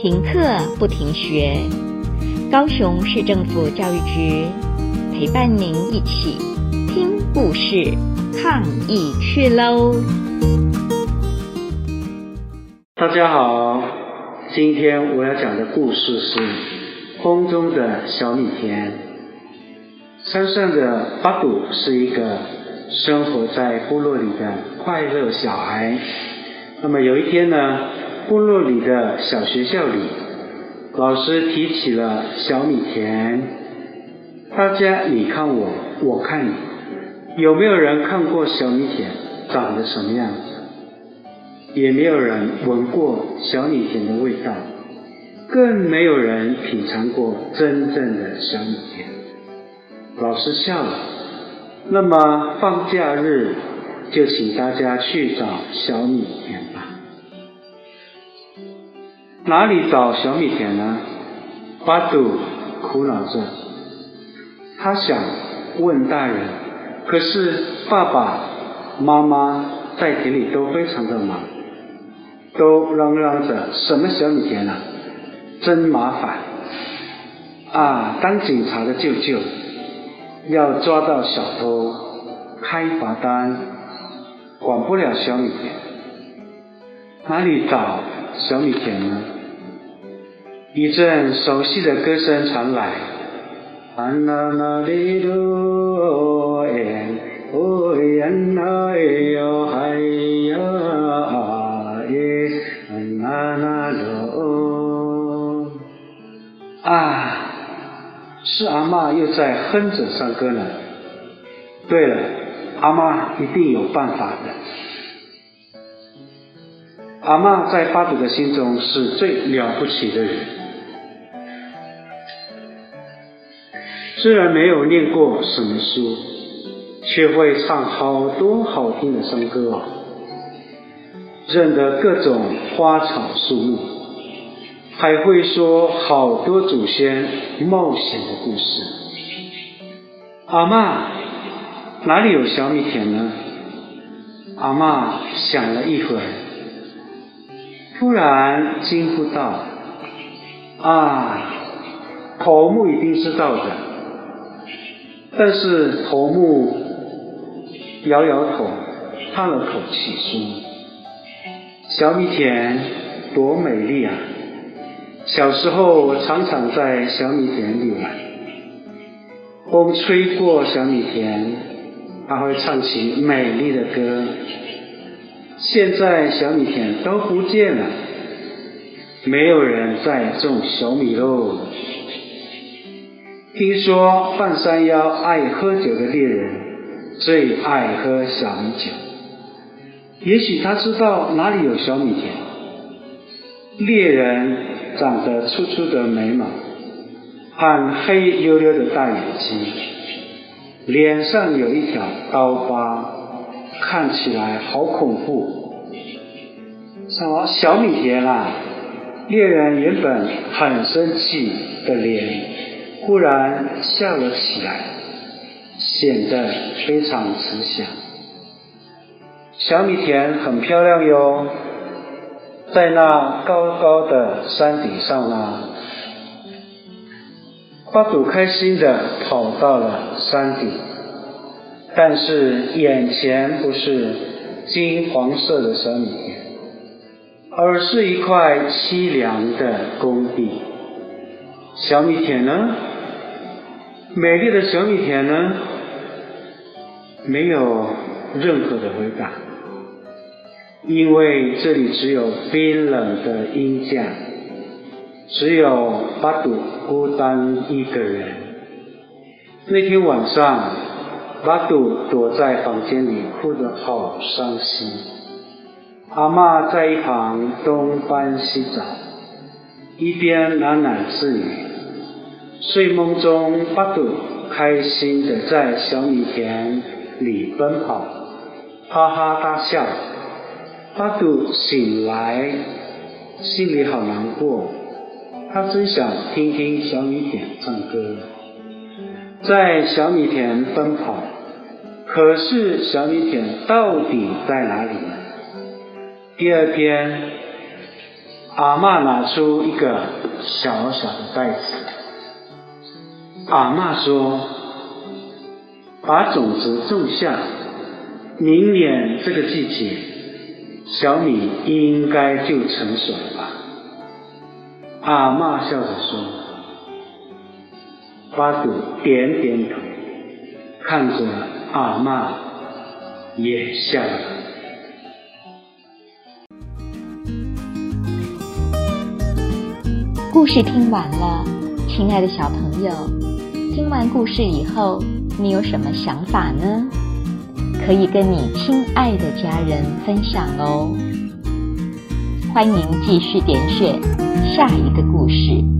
停課不停學，高雄市政府教育局陪伴您一起聽故事、抗疫去嘍。大家好，今天我要講的故事是《風中的小米田》。山上的八杜是一個生活在部落裡的快樂小孩。那麼有一天呢，部落裡的小學校裡，老師提起了小米田，大家你看我，我看你，有沒有人看過小米田長得什麼樣子？也沒有人聞過小米田的味道，更沒有人品嘗過真正的小米田。老師笑了，那麼放假日就請大家去找小米田吧。哪裡找小米田呢？八杜苦惱着，他想問大人，可是爸爸媽媽在田裡都非常的忙，都嚷嚷着什麼小米田呢、啊？真麻煩啊！當警察的舅舅要抓到小偷開罰單，管不了小米田，哪裡找小米田呢？一陣熟悉的歌聲傳來，啊啦啦哩啦啦啊，是阿嬤又在哼着山歌了。對了，阿嬤一定有辦法的。阿嬤在八杜的心中是最了不起的人，雖然沒有念過什麼書，卻會唱好多好聽的山歌哦、啊，認得各種花草樹木，還會說好多祖先冒險的故事阿嬤。阿嬤，哪裡有小米田呢？阿嬤想了一會兒。突然驚呼道：“啊，頭目一定知道的。”但是頭目搖搖頭，嘆了口氣說：“小米田多美麗啊！小時候我常常在小米田裡玩。風吹過小米田，他會唱起美麗的歌。”現在小米田都不見了，沒有人再種小米嘍。聽說半山腰愛喝酒的獵人最愛喝小米酒，也許他知道哪裡有小米田。獵人長得粗粗的眉毛，和黑溜溜的大眼睛，臉上有一條刀疤。看起來好恐怖！什麼小米田啊？獵人原本很生氣的臉，忽然笑了起來，顯得非常慈祥。小米田很漂亮喲，在那高高的山頂上呢。八杜開心地跑到了山頂。但是眼前不是金黃色的小米田，而是一塊淒涼的工地。小米田呢？美麗的小米田呢？沒有任何的回答，因為這裡只有冰冷的鷹架，只有八杜孤單一個人。那天晚上。八杜躲在房間裡哭得好傷心，阿嬤在一旁東翻西找，一邊喃喃自語。睡夢中，八杜開心地在小米田裡奔跑，哈哈大笑。八杜醒來，心裡好難過，他只想聽聽小米田唱歌。在小米田奔跑，可是小米田到底在哪裡呢？第二天，阿嬤拿出一個小小的袋子。阿嬤說：“把種子種下，明年這個季節，小米應該就成熟了吧。”阿嬤笑着說。八杜點點頭，看着阿嬤也笑了。故事聽完了，親愛的小朋友，聽完故事以後，你有什麼想法呢？可以跟你親愛的家人分享哦。歡迎繼續點選下一個故事。